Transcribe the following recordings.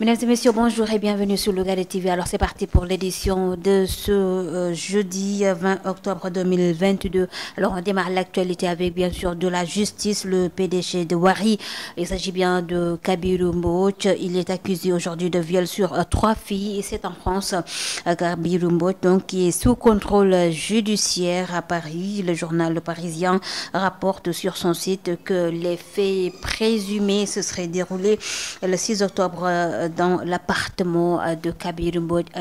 Mesdames et messieurs, bonjour et bienvenue sur le Lugare TV. Alors c'est parti pour l'édition de ce euh, jeudi 20 euh, octobre 2022. Alors on démarre l'actualité avec bien sûr de la justice, le PDG de Wari. Il s'agit bien de Kabiru Il est accusé aujourd'hui de viol sur euh, trois filles et c'est en France. Euh, donc qui est sous contrôle judiciaire à Paris. Le journal Parisien rapporte sur son site que les faits présumés se seraient déroulés le 6 octobre dans l'appartement euh, de Kabir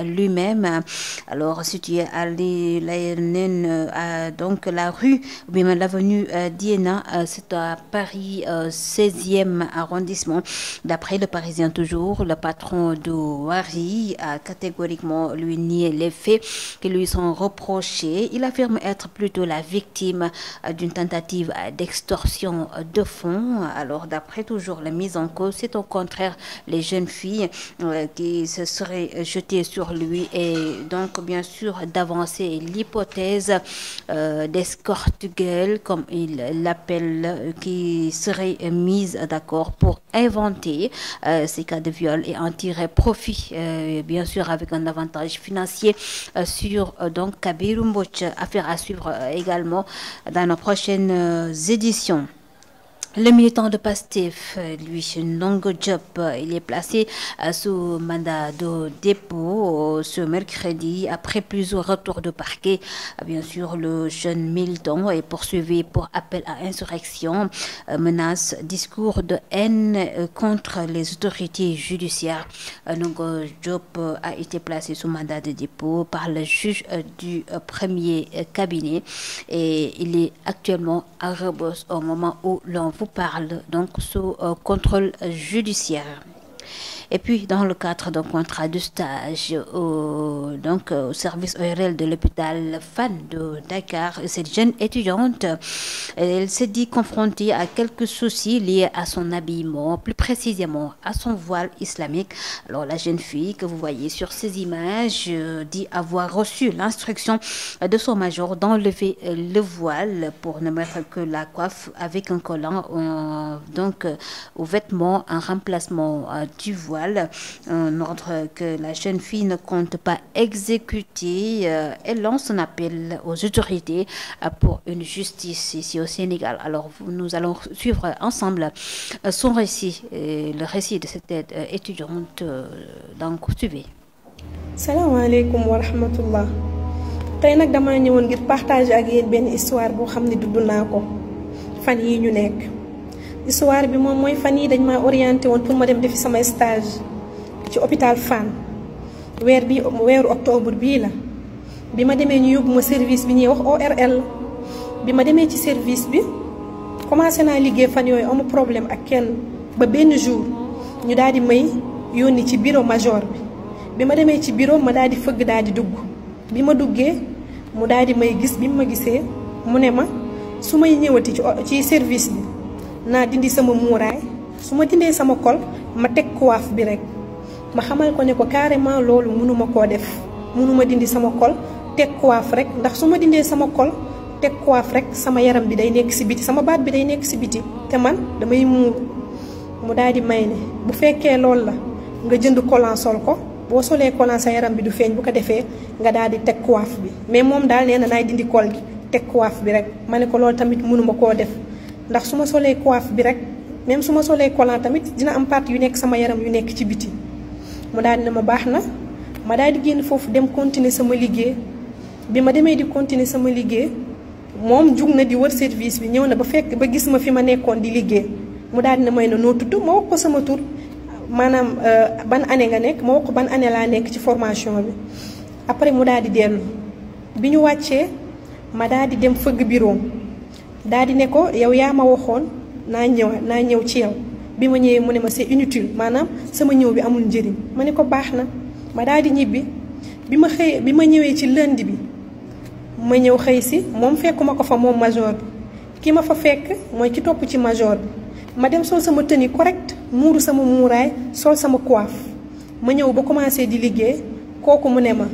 lui-même, alors situé euh, à donc la rue, ou bien l'avenue euh, Diana, c'est à Paris 16e arrondissement. D'après le Parisien toujours, le patron de Wari a catégoriquement lui nié les faits qui lui sont reprochés. Il affirme être plutôt la victime d'une tentative d'extorsion de fonds. Alors d'après toujours la mise en cause, c'est au contraire les jeunes filles euh, qui se serait jeté sur lui et donc bien sûr d'avancer l'hypothèse euh, d'escorte gueule comme il l'appelle qui serait mise d'accord pour inventer euh, ces cas de viol et en tirer profit bien sûr avec un avantage financier sur donc Kabir affaire à suivre également dans nos prochaines éditions le militant de PASTEF, lui, Ndongo Job, il est placé euh, sous mandat de dépôt euh, ce mercredi après plusieurs retours de parquet. Euh, bien sûr, le jeune militant est poursuivi pour appel à insurrection, menace, discours de haine contre les autorités judiciaires. Ndongo Job a été placé sous mandat de dépôt par le juge du premier cabinet et il est actuellement à Rebos au moment où l'on vous parle, donc sous euh, contrôle judiciaire. Et puis, dans le cadre d'un contrat de stage au, donc, euh, au service ORL de l'hôpital Fan de Dakar, cette jeune étudiante, elle s'est dit confrontée à quelques soucis liés à son habillement, plus précisément à son voile islamique. Alors, la jeune fille que vous voyez sur ces images euh, dit avoir reçu l'instruction de son major d'enlever le voile pour ne mettre que la coiffe avec un collant, donc, euh, aux vêtements, un remplacement du voile un ordre que la jeune fille ne compte pas exécuter. Elle euh, lance un appel aux autorités euh, pour une justice ici au Sénégal. Alors nous allons suivre ensemble euh, son récit, et le récit de cette étudiante dans le Salam alaikum wa rahmatullah. partager histoire ne alluded Suwa bi mo moy fani dan ma ororientewan made defi sa ma, ci opital fan, we bi o mo we opto bu bil, bi ma demen ybu ma servi binye yo ORL, bi ma deme ci servis bi, Koma se na li ge fani o mo problemm akkel ba ben ju ñu dadi mai yni ci biro major bi, Bi mame ci biro ma dadi fudadadi dugu, Bi ma duge muadi mai gis bi magisemunema suma ynyewa ci servis bi. naa dindi sama muuraay su ma dindee sama kol ma teg coiffe bi rek ma xamal ko ne ko carrément loolu mënuma koo def mënuma dindi sama kol teg coiffe rek ndax su ma dindee sama kol teg coiffe rek sama yaram bi day nekk si biti sama baat bi day nekk si biti te man damay muuru mu daal di may ne bu fekkee loolu la nga jënd collant sol ko boo solee collant yaram bi du feeñ bu ko defee nga daal di teg coiffe bi mais moom daal nee na naay dindi kol gi teg coiffe bi rek ma ne ko loolu tamit mënuma koo def ndax su ma solee coiffe bi rek même su solee collant tamit dina am partie yu nekk sama yaram yu nekk ci biti mu daal dina ma baax na ma daal di génn foofu dem continuer sama liggéey bi ma demee di continuer sama liggéey moom jug na di war service bi ñëw na ba fekk ba gis ma fi ma nekkoon di liggéey mu daal dina may na noo tudd ma wax ko sama tur maanaam euh, ban année nga nekk ma wax ko ban année laa nekk ci formation bi après mu daal di dellu bi ñu wàccee ma daal di dem fëgg bureau daal di ne ko yow yaa ma waxoon naa ñëw naa ñëw ci yow bi ma ñëwee mu ne ma c'est inutile maanaam sama ñëw bi amul njëriñ ma ne ko baax na ma daal di ñibbi bi ma xëy bi ma ñëwee ci lënd bi ma ñëw xëy si moom fekkuma ko fa moom major bi ki ma fa fekk mooy ki topp ci major bi ma dem sol sama tenue correct muuru sama muuraay sol sama coiffe ma ñëw ba commencé di liggéey kooku mu ne ma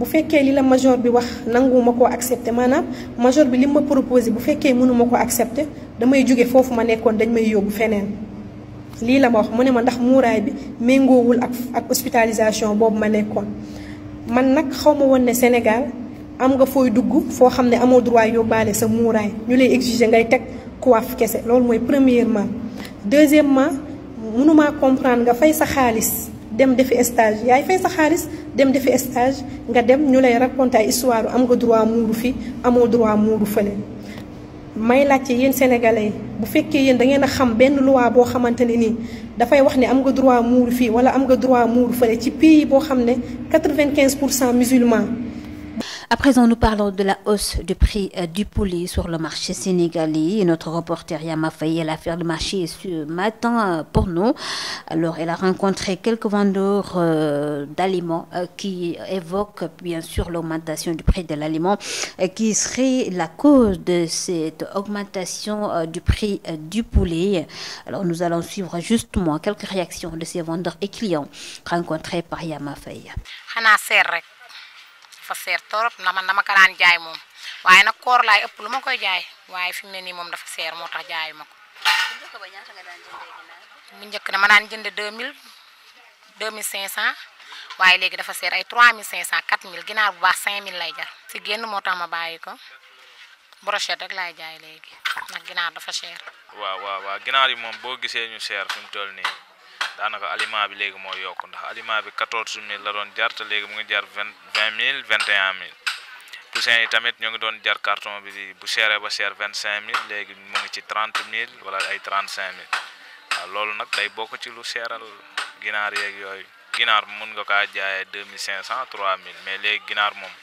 bu fekkee li la major bi wax nanguwuma koo accepté maanaam major bi li ma proposé bu fekkee mënuma ko accepté damay jóge foofu ma nekkoon dañ may yóbbu feneen lii la ma wax mu ne ma ndax muuraay bi méngoowul ak ak hospitalisation boobu ma nekkoon man nag xaw ma woon ne Sénégal am nga fooy dugg foo xam ne amoo droit yóbbaale sa muuraay ñu lay exiger ngay teg coiffe kese loolu mooy premièrement deuxièmement mënumaa comprendre nga fay sa xaalis dem defi stage yaay fay sa xaalis dem defi stage nga dem ñu lay raconter ay histoire am nga droit muuru fii amoo droit muuru fële. may laajte yéen sénégalais bu fekkee yéen da ngeen a xam benn loi boo xamante ne nii dafay wax ne am nga droit muuru fii wala am nga droit muuru fële ci pays boo xam ne quatre-vingt-quinze pour cent musulman À présent, nous parlons de la hausse du prix euh, du poulet sur le marché sénégalais. notre reporter Yama Faye, elle a fait le marché ce matin euh, pour nous. Alors, elle a rencontré quelques vendeurs euh, d'aliments qui évoquent bien sûr l'augmentation du prix de l'aliment qui serait la cause de cette augmentation du prix du poulet. Alors, nous allons suivre justement quelques réactions de ces vendeurs et clients rencontrés par Yama Faye. dafa seer torop na man dama ko daan jaay moom waaye na koor laay ëpp lu ma koy jaay waaye fi mu ne nii moom dafa seer moo tax jaayu ma ko. bu njëkk dama daan jënd 2000 2500 waaye léegi dafa seer ay 3500 mille ginaar bu baax 5000 lay jar si génn moo tax ma bàyyi ko brochette rek laay jaay léegi nag ginaar dafa seer. waaw waaw waaw ginaar yi moom boo gisee ñu seer fi mu toll nii. daanaka aliment bi léegi moo yokk ndax aliment bi quatorze mille la doon jart léegi mu ngi jar vingt vingt mille vingt et un mille yi tamit ñu ngi doon jar carton bi bu seeree ba seer vingt cinq mille léegi mu ngi ci trente mille wala ay trente cinq mille waaw loolu nag day bokk ci lu seeral ginaar yeeg yooyu ginaar mun nga kaa jaaye deux mille cinq cent trois mille mais léegi ginaar moom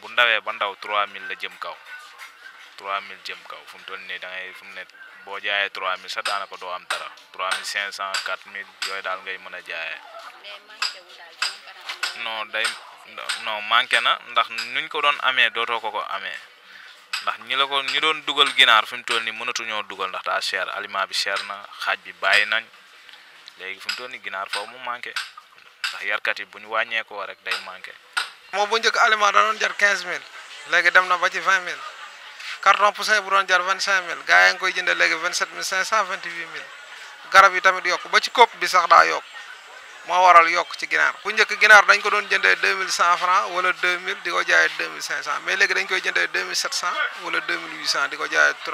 bu ndawee ba ndaw trois mille la jëm kaw trois mille jëm kaw fu mu toll nii da fu mu ne bo jaaye 3000 sa danaka do am dara 3500 4000 yoy dal ngay mëna jaaye non day non manke na ndax nuñ ko doon amé doto ko ko amé ndax ñi la ko ñu doon duggal ginar fi mu toll ni mënatu ñoo duggal ndax da cher aliment bi cher na xaj bi bay nañ léegi fi mu ni ginar foofu mu manqué ndax yar kat yi buñ wañé ko rek day manqué mo bu njëkk aliment da doon jar 15000 léegi dem na ba ci 20000 carton poussin bu doon vingt cinq mille gars yaa ngi koy jëndee léegi vingt sept mille cinq cent vingt huit mille garab yi tamit yokk ba ci kopp bi sax daa yokk moo waral yokk ci ginaar bu njëkk ginaar dañ ko doon jëndee deux mille cent franc wala deux mille di ko mais léegi dañ koy jëndee deux mille sept cent wala deux mille huit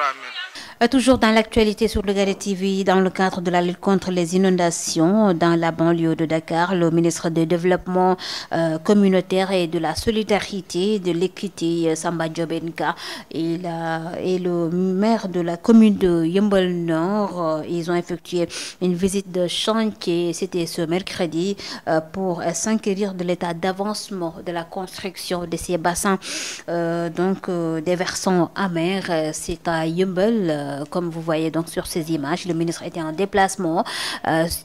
euh, toujours dans l'actualité sur le Lougaré TV dans le cadre de la lutte contre les inondations dans la banlieue de Dakar le ministre du développement euh, communautaire et de la solidarité de l'équité, euh, Samba Djobenka. et le maire de la commune de Yeumbeul Nord ils ont effectué une visite de chantier c'était ce mercredi. Euh, pour euh, s'inquiéter de l'état d'avancement de la construction de ces bassins euh, donc des versants amers. C'est à Yumbel, comme vous voyez donc sur ces images. Le ministre était en déplacement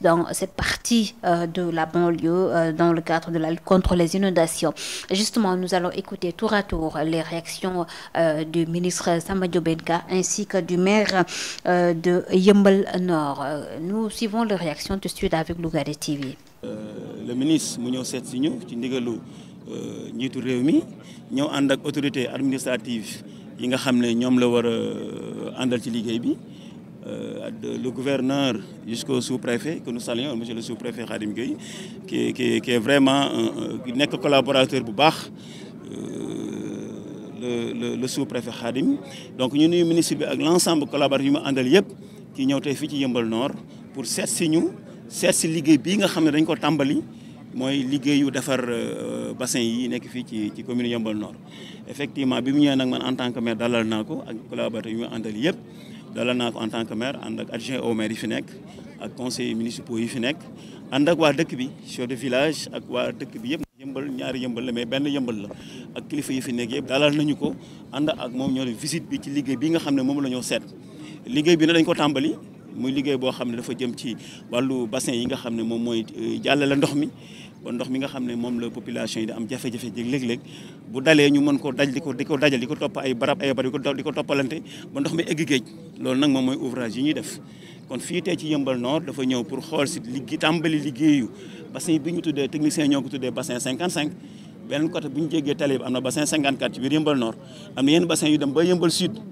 dans cette partie de la banlieue dans le cadre de la lutte contre les inondations. Justement, nous allons écouter tour à tour les réactions du ministre Samba Benka ainsi que du maire de Yumbel Nord. Nous suivons les réactions de Sud avec Lugare TV. Euh, le ministre mu ñëw seet si ñu ci ndigalu euh, njiitu réew mi ñëw ànd ak autorité administrative yi nga xam ne ñoom la war a euh, àndal ci liggéey bi le gouverneur jusqu'au sous-préfet que nous saluons monsieur le sous-préfet Khadim Gueye qui qui qui est vraiment nekk collaborateur bu baax le le le sous-préfet Khadim donc ñu nuyu ministre bi ak l'ensemble collaborateur yu ma àndal yëpp ki ñëw tey fii ci Yeumbeul Nord pour sét si ñu. seet si liggéey bii nga xam ne dañ ko tàmbali mooy liggéeyu defar euh, bassin yi nekk fii ci ci commune Yeumbeul Nord effectivement bi mu ñëwee nag man en tant que maire dalal naa ko ak collaborateurs yu yëpp dalal naa ko en tant que maire ànd ak adjoint au maire yi fi nekk ak conseillers municipaux yi fi nekk ànd ak waa dëkk bi chef de village ak waa dëkk bi yëpp yëmbal ñaari yëmbal la mais benn yëmbal la ak kilifa yi fi nekk yëpp dalal nañu ko ànd ak moom ñoo visite bi ci liggéey bi nga xam ne moom la ñoo seet liggéey bi ne dañ ko tàmbali muy liggéey boo xam ne dafa jëm ci wàllu bassin yi nga xam ne moom mooy euh, jàllale ndox mi ba ndox mi nga xam ne moom la population yi di am jafe-jafe jéeg léeg-léeg bu dalee ñu mën ko daj di ko di ko dajal di ko topp ay barab ay barab di ko toppalante ba ndox mi egg géej loolu nag moom mooy ouvrage yi ñuy def kon fii tey ci yëmbal Nord dafa ñëw pour xool si liggéey tàmbali liggéeyu bassin bu ñu tuddee technicien ñoo ko tuddee bassin 55 beneen côté bu ñu na bassin 54 ci biir Yeumbeul Nord am na bassin yu dem ba Yeumbeul Sud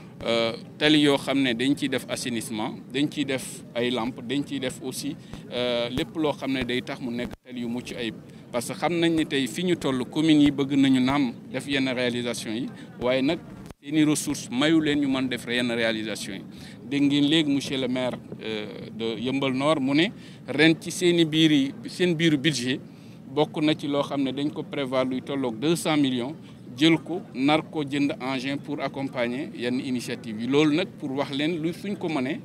Euh, tali yoo xam dañ ci def assainissement dañ ci def ay lampes dañ ci def aussi euh lepp lo ne day tax mu nek tali yu mucc ayib parce que xamnañ ni tay fiñu fi ñu toll communes yi bëgg nañu nam def yenn réalisation yi waye nak seeni ressources mayu len ñu mën def yenn réalisation yi de ngeen leg monsieur le maire euh de Yëmbal Nord mu ne ren ci seen i biir yi seen biiru budget bokku na ci lo xam dañ ko prévoir luy tolloog deux millions jël ko nar ko jënd engin pour accompagner yenn initiative yi loolu nag pour wax leen lu suñ ko mënee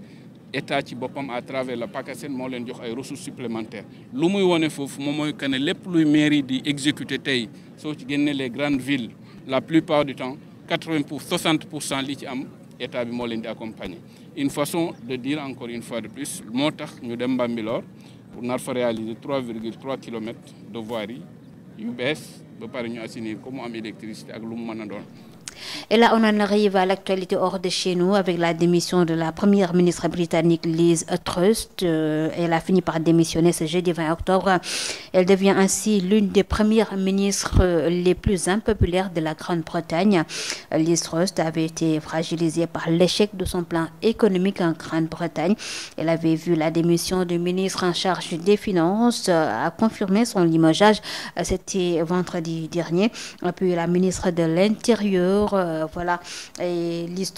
état ci boppam à travers la PACASEN moo leen jox ay ressources supplémentaires lu muy wone foofu moom mooy que ne lépp luy mairie di exécuter tey soo ci génnee les grandes villes la plupart du temps 80% pour 60 pour cent li ci am état bi moo leen di accompagner une façon de dire encore une fois de plus moo tax ñu dem Bambilor pour nar fa réaliser 3,3 virgule kilomètres de voirie yu bees ba pare ñu assainir ko mu am électricité ak lu mu mën a doon Et là, on en arrive à l'actualité hors de chez nous avec la démission de la première ministre britannique Liz Truss. Euh, elle a fini par démissionner ce jeudi 20 octobre. Elle devient ainsi l'une des premières ministres euh, les plus impopulaires de la Grande-Bretagne. Liz Truss avait été fragilisée par l'échec de son plan économique en Grande-Bretagne. Elle avait vu la démission du ministre en charge des Finances euh, a confirmé son limogeage. C'était vendredi dernier. Puis la ministre de l'Intérieur euh, voilà, et Liz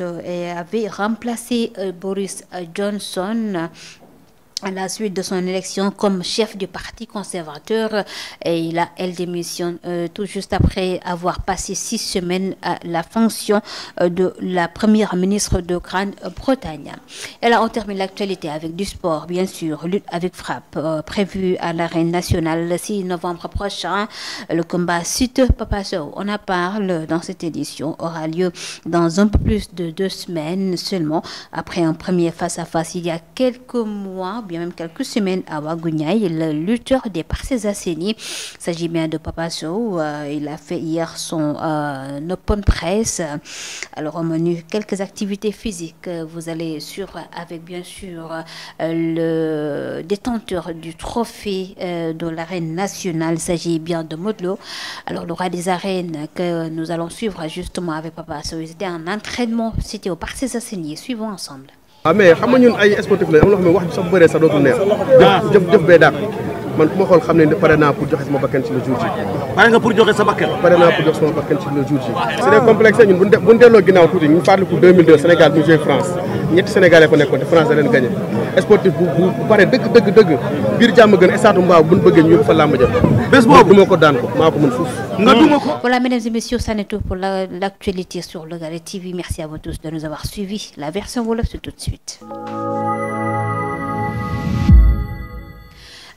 euh, avait remplacé euh, Boris Johnson à la suite de son élection comme chef du Parti conservateur et euh, il a, elle démissionne euh, tout juste après avoir passé six semaines à la fonction euh, de la première ministre de Grande-Bretagne. Elle a on termine l'actualité avec du sport, bien sûr, lutte avec frappe, prévue à l'arène nationale le 6 novembre prochain. Le combat Papa papasso on en parle dans cette édition, aura lieu dans un peu plus de deux semaines seulement, après un premier face à -face, il y a quelques mois bien même quelques semaines à est le lutteur des Parcés Asseni. Il s'agit bien de Papa euh, il a fait hier son euh, open press. Alors, au menu, quelques activités physiques. Vous allez sur, avec bien sûr euh, le détenteur du trophée de l'arène nationale. Il s'agit bien de Modelo. Alors, le roi des arènes que nous allons suivre justement avec Papa C'était un entraînement. C'était au Parcés Asseni. Suivons ensemble. waaw ah, mais xam nga ñun ay sportif la am loo xam ne wax sax bëree sax dootul neex jëf jëf jëf bee man bu ma xool xam ne pare naa pour joxe sama bakkan ci le jour ji. pare nga pour joxe sa bakkan. pare naa pour joxe sama bakkan ci le jour ji. c'est des complexes ñun bu ñu def bu ñu delloo ginnaaw tuuti ñu fàttaliku 2002 Sénégal bu ñu joué France ñetti Sénégalais fa nekkoon te France da leen gagné. sportif bu bu pare dëgg dëgg dëgg biir jàmm gën estatu mbaaw bu ñu bëggee ñu fa làmb jëm. bés boobu duma ko daan ko maa ko mën fuuf. nga duma ko. voilà mesdames et messieurs c'en est pour la l'actualité sur le Gare TV merci à vous tous de nous avoir suivis la version wolof c'est tout de suite.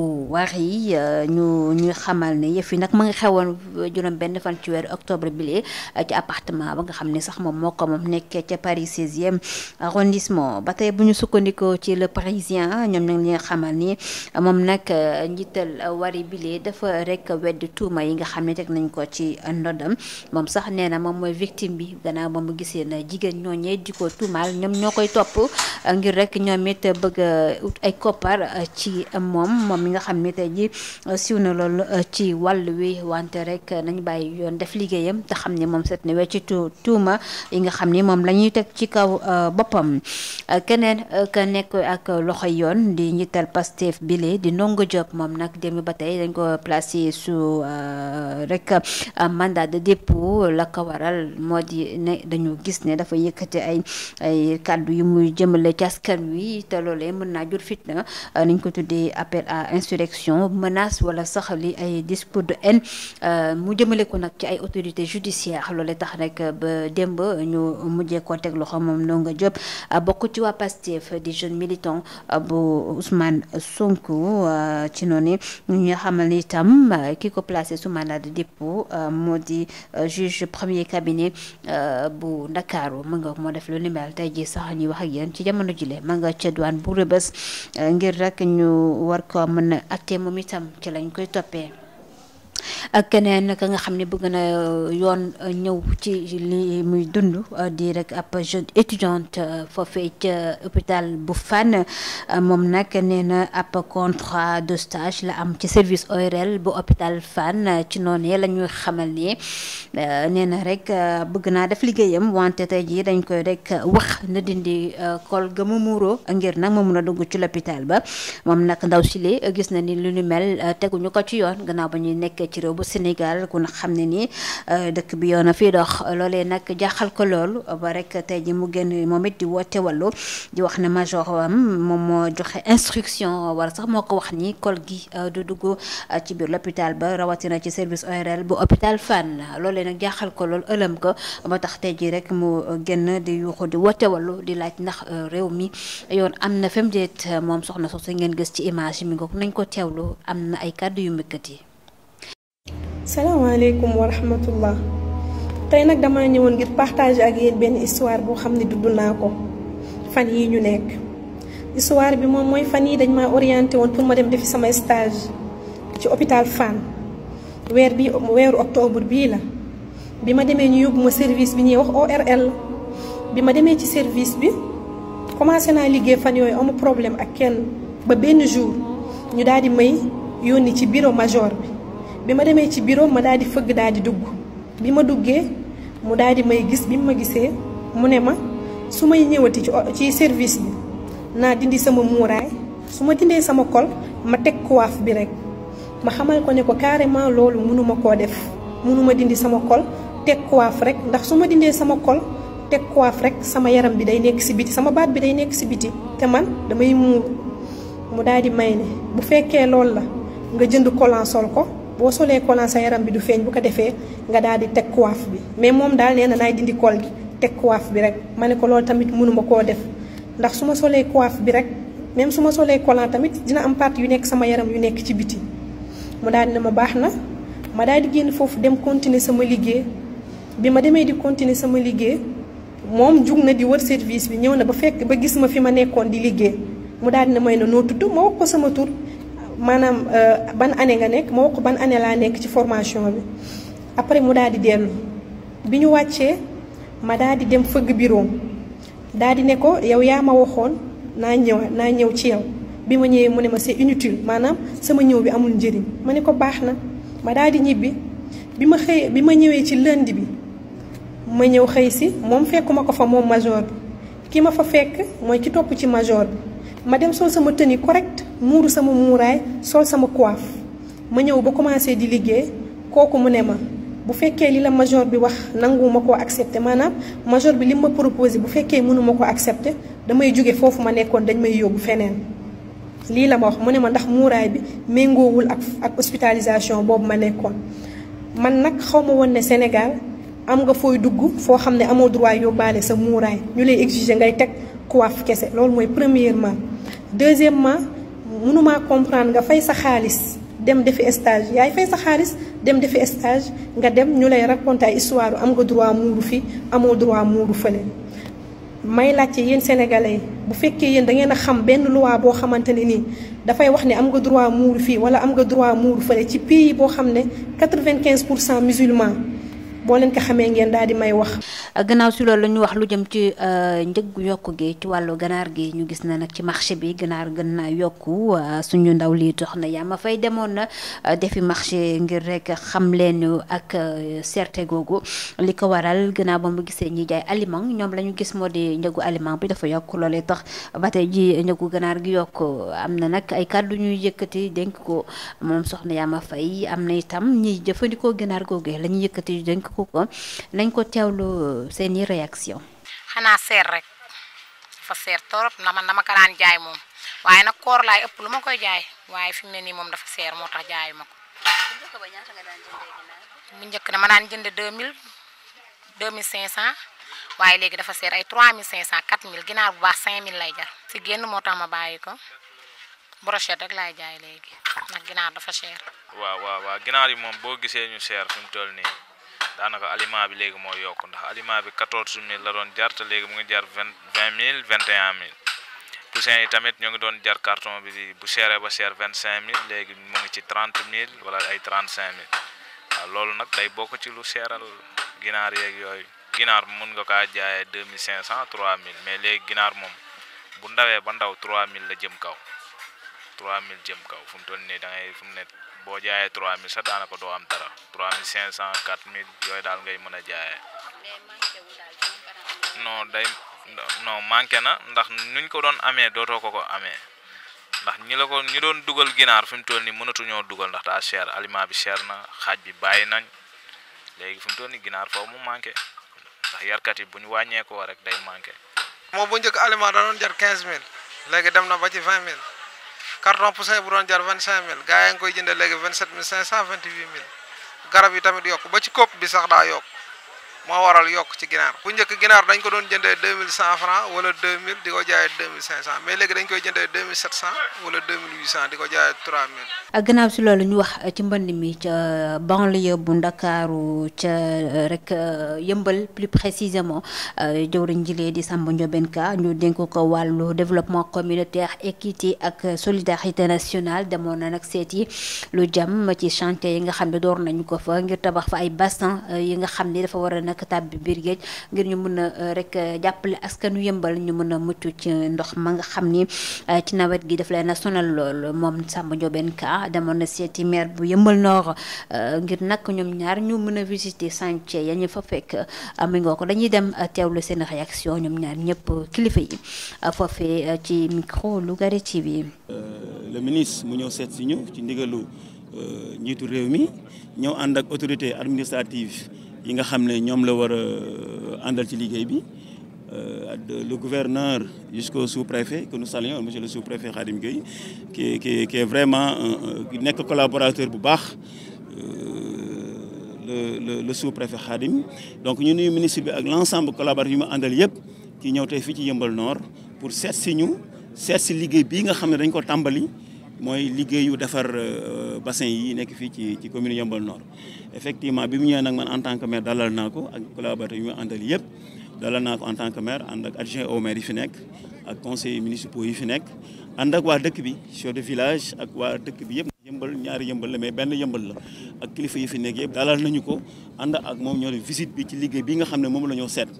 bu Wari euh, ñu ñu xamal ne yëf yi nag ma ngi xewoon juróom benn fan ci weeru octobre bile euh, ci appartement ba nga xam ne sax moom moo ko moom nekkee ca Paris 16e arrondissement ba tey bu ñu sukkandikoo ci le Parisien ñoom nag li nga xamal ni moom nag euh, njiital Wari bile dafa rek weddi tuuma yi nga xam ne teg nañ ko ci ndodam moom sax nee na moom mooy victime bi gannaaw ba mu gisee na jigéen ñooñee di ko tuumaal ñoom ñoo koy topp ngir rek ñoom it bëgg ay koppar ci moom moom mi nga xam ni tey ji euh, siw na lool euh, ci wàllu wi wante rek euh, nañ bàyyi yoon def liggéeyam te xam ni moom set ne wecci tu tuuma yi nga xam ni moom la ñuy teg ci kaw boppam keneen euh, ka nekk ak loxo yoon di njiital Pastef bile di Ndongo Diop moom nag dem ba tey dañ ko placé sous euh, rek euh, mandat de dépôt la ko waral moo di ne dañu gis ne dafa yëkkati ay ay kàddu yi muy jëmale ci askan wi te loolee mën naa jur fitna nañ ko tuddee appel à insurrection menace wala sax li ay discours de haine mu jëmale ko nag ci ay autorités judiciaires loolee tax rek ba démb ñu mujjee ko teg loxo moom Ndongo Diop bokk ci ci waa Pastef di jeune militant euh, bu Ousmane Sonko euh, ci noonu ñu xamal itam euh, ki ko placé sous mandat de dépôt moo di juge premier cabinet bu Ndakaaru mu moo def lu ni mel tey jii sax ñuy wax ak ci jamono jile ma nga ca douane bu Rebeuss ngir rek ñu war ko mën ak atte moom itam ci lañ koy toppee. ak keneen ka nga xam ne bëgg na euh, yoon euh, ñëw ci lii muy dund euh, di rek ab jeune étudiante foofee ca hôpital bu Fann moom nag nee na ab contrat de stage la am ci service ORL bu hopital Fann ci noonu la ñuy xamal ne nee na rek bëgg naa def liggéeyam wante tey jii dañ koy rek wax na dindi kol ga mu muuroo ngir nag mu mun a dugg ci l'hôpital ba moom nag ndaw si gis na ni lu ñu mel teguñu ko ci yoon gannaaw ba ñuy nekkee ci réew bu Sénégal ku na ni dëkk bi yona fi dox lolé nak jaxal ko lol ba rek tay ji mu génn momit di wote walu di wax ne major am mom mo joxe instruction wala sax moko wax ni kol gi du duggu ci bir l'hôpital ba rawatina ci service ORL bu hôpital fan lolé nak jaxal ko lol eulem ko ba tax tay ji rek mu génn di yuuxu di wote walu di laaj ndax rew mi yon amna fem déet mom soxna sox ngeen gis ci image mi ngok nañ ko tewlu amna ay kàddu yu mbëkkat salaamaaleykum wa rahmatullah tey nag dama ñëwoon ngir partager ak yéen benn histoire boo xam ne dudd naa ko fan yi ñu nekk histoire bi moom mooy fan yi dañ ma orienté woon pour ma dem defi sama stage ci hôpital fan weer bi weeru octobre bii la bi ma demee ñu yóbbu ma service bi ñuy wax ORL bi ma demee ci service bi commencé naa liggéey fan yooyu amu problème ak kenn ba benn jour ñu daal di may yónni ci bureau major bi bi ma demee ci bureau ma daal di fëgg daal di dugg bi ma duggee mu daal di may gis bi ma gisee mu ne ma su may ñëwati ci ci service bi naa dindi sama muuraay su ma dindee sama kol ma teg coiffe bi rek ma xamal ko ne ko carrément loolu mënuma koo def mënuma dindi sama kol teg coiffe rek ndax su ma dindee sama kol teg coiffe rek sama yaram bi day nekk si biti sama baat bi day nekk si biti te man damay muur mu dal di may ne bu fekkee loolu la nga jënd collant sol ko boo solee collant sa yaram bi du feeñ bu ko defee nga daal di teg coiffe bi mais moom daal nee na naay dindi col gi teg coiffe bi rek ma ne ko loolu tamit mënuma koo def ndax su ma solee coiffe bi rek même su solee collant tamit dina am partie yu nekk sama yaram yu nekk ci biti mu daal di ma baax na ma daal di génn foofu dem continuer sama liggéey bi ma demee di continuer sama liggéey moom jug na di wër service bi ñëw na ba fekk ba gis ma fi ma nekkoon di liggéey mu daal di may na noo tudd ma wax ko sama tur maanaam euh, ban année nga nekk moo ko ban année laa nekk ci formation bi après mu daal di dellu bi ñu wàccee ma daal di dem fëgg biroom daal di ne ko yow yaa ma waxoon naa ñëw naa ñëw ci yow bi ma ñëwee mu ne ma c'est inutile maanaam sama ñëw bi amul njëriñ ma ne ko baax na ma daal di ñibbi bi ma xëy bi ma ñëwee ci lënd bi ma ñëw xëy si moom fekkuma ko fa moom major bi ki ma fa fekk mooy ki topp ci major bi ma dem soo sama tenue correct muuru sama muuraay sol sama coiffe ma ñëw ba commencé di liggéey kooku mu ne ma bu fekkee li la major bi wax ma ko accepté maanaam major bi li ma proposé bu fekkee mënuma ko accepté damay jóge foofu ma nekkoon dañ may yóbbu feneen lii la ma wax mu ne ma ndax muuraay bi méngoowul ak ak hospitalisation boobu ma nekkoon man nag xaw ma woon ne Sénégal am nga fooy dugg foo xam ne amoo droit yóbbaale sa muuraay ñu lay exiger ngay teg coiffe kese loolu mooy premièrement deuxièmement mënumaa comprendre nga fay sa xaalis dem defi stage yaay fay sa xaalis dem defi stage nga dem ñu lay raconter ay histoire am nga droit muuru fi amoo droit muuru fële. may laajte yéen sénégalais bu fekkee yéen da ngeen a xam benn loi boo xamante ne nii dafay wax ni am nga droit muuru fii wala am nga droit muuru fële ci pays boo xam ne quatre-vingt-quinze pour cent musulmans. boo leen ko xamee ngeen daal di may wax. gannaaw si loolu la ñu wax lu jëm ci euh, njëgu yokku gi ci wàllu ganaar gi ñu gis na nag ci marché bi ganaar gën naa yokku euh, suñu ndaw lii dox na yaa ma fay demoon na euh, defi marché ngir rek xam leen ak certe googu li ko waral gannaaw ba mu gisee ñi jaay aliment ñoom la ñu gis moo di njëgu aliment bi dafa yokk loolee tax ba tey ji njëgu ganaar gi yokk am na nag ay kàddu ñuy yëkkati dénk ko moom soxna yaa ma fay am na itam ñiy jëfandikoo ganaar googu la ñuy yëkkati dénk convaincre ko nañ ko teew teewlu seeni réaction xanaa seer rek dafa seer torop na man dama ko daan jaay moom waaye nag koor laay ëpp lu ma koy jaay waaye fi mu ne nii moom dafa seer moo tax jaayu ma ko bu njëkk dama daan jënd 2000 2500 waaye léegi dafa seer ay 3500 mille ginaar bu baax 5000 lay jar si génn moo tax ma bàyyi ko brochette rek laay jaay léegi nag ginaar dafa seer waaw waaw waaw ginaar yi moom boo gisee ñu seer mu toll nii daanaka aliment bi léegi moo yokk ndax aliment bi quatorze mille la doon jart léegi mu ngi jar vingt vingt mille vingt et un mille yi tamit ñu ngi doon jar carton bi bu seeree ba seer vingt cinq mille léegi mu ngi ci trente mille wala ay trente cinq mille waaw loolu nag day bokk ci lu seeral ginaar yeeg yooyu ginaar mun nga kaa jaaye deux mille cinq cent trois mille mais léegi ginaar moom bu ndawee ba ndaw trois mille la jëm kaw trois mille jëm kaw fu mu toll nii da fu mu ne bo jaayee 3000 sax daanaka do am dara 3500 4000 yoy dal ngay mën a non day non manqué na ndax nuñ ko doon amé doto ko ko amé ndax ñi la ko ñu doon dugal ginaar fi mu toll nii ñoo duggal ndax da cher aliment bi cher na xaj bi bay nañ léegi fi mu ni ginar ginaar mu manqué ndax yar kat yi buñ wañé ko rek day manqué. mo bu njëkk aliment da doon jar 15000 léegi dem na ba ci 20000. carton poussin bu doon jar vingt cinq mille gars yaa ngi koy jëndee léegi vingt sept mille cinq cent vingt huit mille garab yi tamit yokk ba ci kopp bi sax daa yokk moo waral yokk ci ginaar bu njëkk ginaar dañ ko doon jëndee deux mille franc wala deux mille di ko jaayee deux mille cinq cent mais léegi dañ koy jëndee deux mille sept cent wala deux mille huit cent di ko jaayee trois mille. ak gannaaw si loolu ñu wax ci mbënd mi ca banlieue bu ndakaaru ca euh, rek euh, yëmbal plus précisément euh, jëwriñ jilee di Samba Ndiobène Ka ñu dénk ko wàllu développement communautaire équité ak solidarité nationale demoon na nag yi lu jam ci chantier yi nga xam ne door nañu ko fa ngir tabax fa ay bassin yi nga xam ne dafa war a nag tàbbi biir géej ngir ñu mën a euh, rek euh, jàppale askanu yëmbal ñu mën a mucc ci ndox ma nga xam ni euh, ci nawet gi daf leen a sonal lool moom Samba Ndiobène Ka demoon na seeti meer bu yëmbal noor ngir nag ñoom ñaar ñu mën a visiter chantier ya ñu fa fekk mi ko dañuy dem teewlu seen réaction ñoom ñaar ñëpp kilifa yi ci micro Lougaré ci ndigalu njiitu réew mi ñëw ànd ak autorité administrative yi nga xam ne ñoom la war a euh, àndal ci liggéey bi euh, le gouverneur jusqu'au sous-préfet que nous saluons monsieur le sous-préfet Khadim Gueye qui qui qui est vraiment nekk collaborateur bu baax euh, le le le sous-préfet Khadim donc ñu nuyu ministre bi ak l'ensemble collaborateur yu ma àndal yëpp ki ñëw tey fii ci Yeumbeul Nord pour seet si ñu seet si liggéey bii nga xam ne dañ ko tàmbali. mooy liggéeyu defar euh, bassin yi nekk fii ci ci commune Yeumbeul Nord effectivement bi mu ñëwee nag man en tant que dalal naa ko ak collaborateur yu yëpp dalal naa en tant que maire ànd ak adjoint au maire yi fi nekk ak conseillers municipaux yi fi nekk ànd ak waa dëkk bi chef de village ak waa dëkk bi yëpp yëmbal ñaari yëmbal la mais benn yëmbal la ak kilifa yi fi nekk yëpp dalal nañu ko ànd ak moom ñoo visite bi ci liggéey bi nga xam ne moom la ñoo seet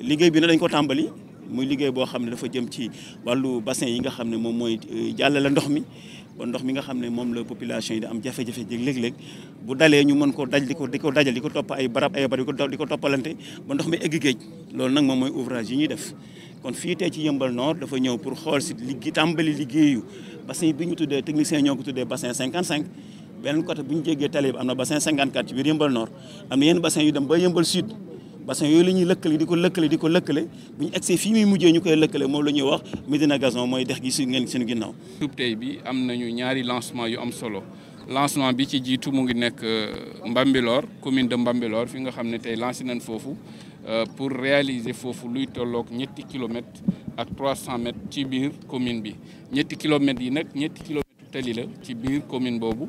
liggéey bi nag dañ ko tàmbali muy liggéey boo xam ne dafa jëm ci wàllu bassin yi nga xam ne moom mooy euh, jàllale ndox mi ba ndox mi nga xam ne moom la population yi di am jafe-jafe jéeg léeg-léeg bu dalee ñu mën ko daj di ko di ko dajal di ko topp ay barab ay barab di ko toppalante ba ndox mi egg géej loolu nag moom mooy ouvrage yi ñuy def kon fii tey ci yëmbal nord dafa ñëw pour xool si liggéey tàmbali liggéeyu bassin bu ñu tuddee technicien ñoo ko tuddee bassin 55 beneen côté bu ñu jéggee tali bi am na bassin 54 ci biir yëmbal nord am na yenn bassin ba yëmbal sud bassin yooyu la ñuy lëkkale di ko lëkkale di ko lëkkale bu ñu egsee fii muy mujjee ñu koy lëkkale moom la ñuy wax medina Gazon mooy dex gi su ngeen suñu ginnaaw. suuf tey bi am nañu ñaari lancement yu am solo lancement bi ci jiitu mu ngi nekk euh, Mbambilor commune de Mbambilor fi nga xam ne tey lancé nañ foofu euh, pour réaliser foofu luy tolloog ñetti kilomètres ak 300 mètres ci biir commune bi ñetti kilomètres yi nag ñetti kilomètres tali la ci biir commune boobu.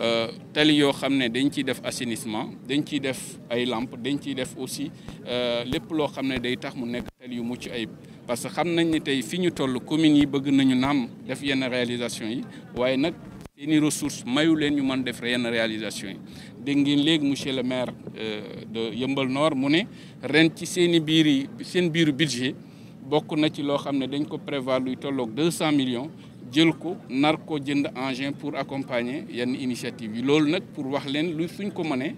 Euh, tali yoo xam ne dañ ciy def assainissement dañ ciy def ay lampes dañ ciy def aussi euh, lépp loo xam ne day tax mu nekk tali yu mucc ayib parce que xam nañ ni tey fi ñu toll communes yi bëgg nañu naam def yenn réalisation yi waaye nag seeni ressources mayu leen ñu mën def yenn réalisation yi dégg ngeen léegi monsieur le maire euh, de Yeumbeul Nord mu ne ren ci seen i biir yi seen biiru budget bokk na ci loo xam ne dañ ko prévoir luy tolloog 200 millions jël ko nar ko jënd engin pour accompagner yenn initiative yi loolu nag pour wax leen lu suñ ko mënee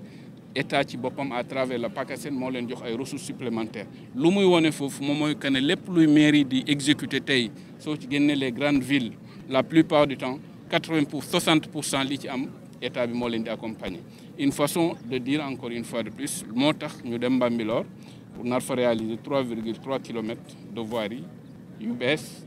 état ci boppam à travers la PACASEN moo leen jox ay ressources supplémentaires lu muy wone foofu moom mooy que ne lépp luy mairie di exécuter tey soo ci génnee les grandes villes la plupart du temps 80 pour 60 pour cent li ci am état bi moo leen di accompagner une façon de dire encore une fois de plus moo tax ñu dem Bambilor pour nar fa réaliser 3,3 virgule kilomètres de voirie yu bees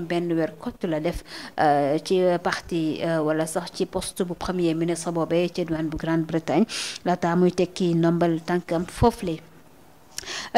benn weer kott la def euh, ci parti euh, wala sax ci poste bu premier ministre boobee ci diwaan bu Grande-Bretagne laata muy tekki ndombal tànkam foofu le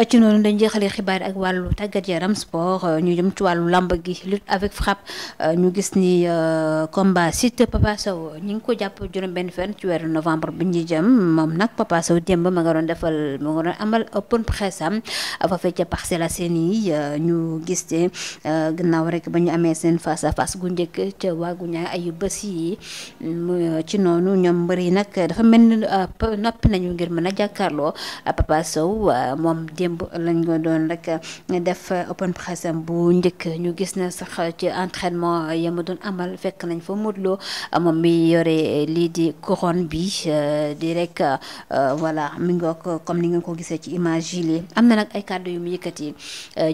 ci noonu dañ jeexalee xibaar yi ak wàllu tàggat yaram sport ñu jëm ci wàllu làmb gi lutte avec frappe ñu gis ni euh, combat Siteu Papa Sow ñu ngi ko jàpp juróom-benn fan ci weeru novembre bi ñu jëm moom nag Papa Sow démb ma nga doon defal ma nga doon amal open press am foofee ca Parcelles Assainies yi euh, ñu gis ne euh, gannaaw rek ba ñu amee seen face à face gu njëkk ca waagu ñaar ay bés yi ci noonu ñoom mbër yi nag dafa mel ni noppi nañu ngir mën a jàkkaarloo Papa moom démb lañ ko doon rek eh, def eh, open press am bu njëkk ñu gis na sax ci entraînement ya doon amal fekk nañ fa Modou Lo eh, moom mi yore lii di couronne bi di rek voilà mi ngi comme ni nga ko gisee ci image yi am na nag ay kaddu yu mu yëkkati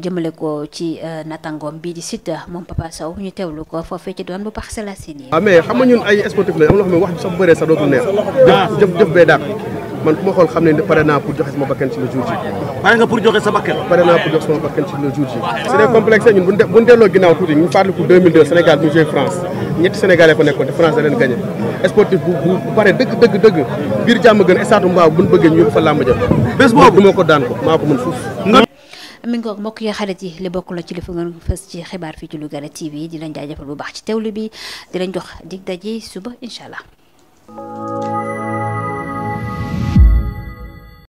jëmale ko ci natangoom bii di Siteu moom Papa Sow ñu teewlu ko foofee ci doon bu Parcelles Assainies. ah mais xam ay sportif lañ xam ne wax bi sax bëree sax dootul neex jëf jëf bee dàq. man ku ma xool xam ne ne pare naa pour joxe sama bakkan ci le jour ji. pare nga pour joxe sa bakkan. pare naa pour joxe sama bakkan ci le jour ji. su dee complexe ñun bu ñu de bu ñu delloo ginnaaw tuuti ñu fàttali ko 2002 Sénégal ñu joué France ñetti Sénégalais fa nekkoon te France da leen gagné. sportif bu bu pare dëgg dëgg dëgg biir jàmm gën stade Mbao bu ñu bëggee ñu fa làmb jëm. bés boobu du ma ko daan ko maa ko mën fuuf. mi ngi ko mbokk yi xarit yi li bokk la ci li fa ngeen fës ci xibaar fii ci Lougaré TV di lañ jaajëfal bu baax ci teewlu bi di lañ jox dig daje suba incha allah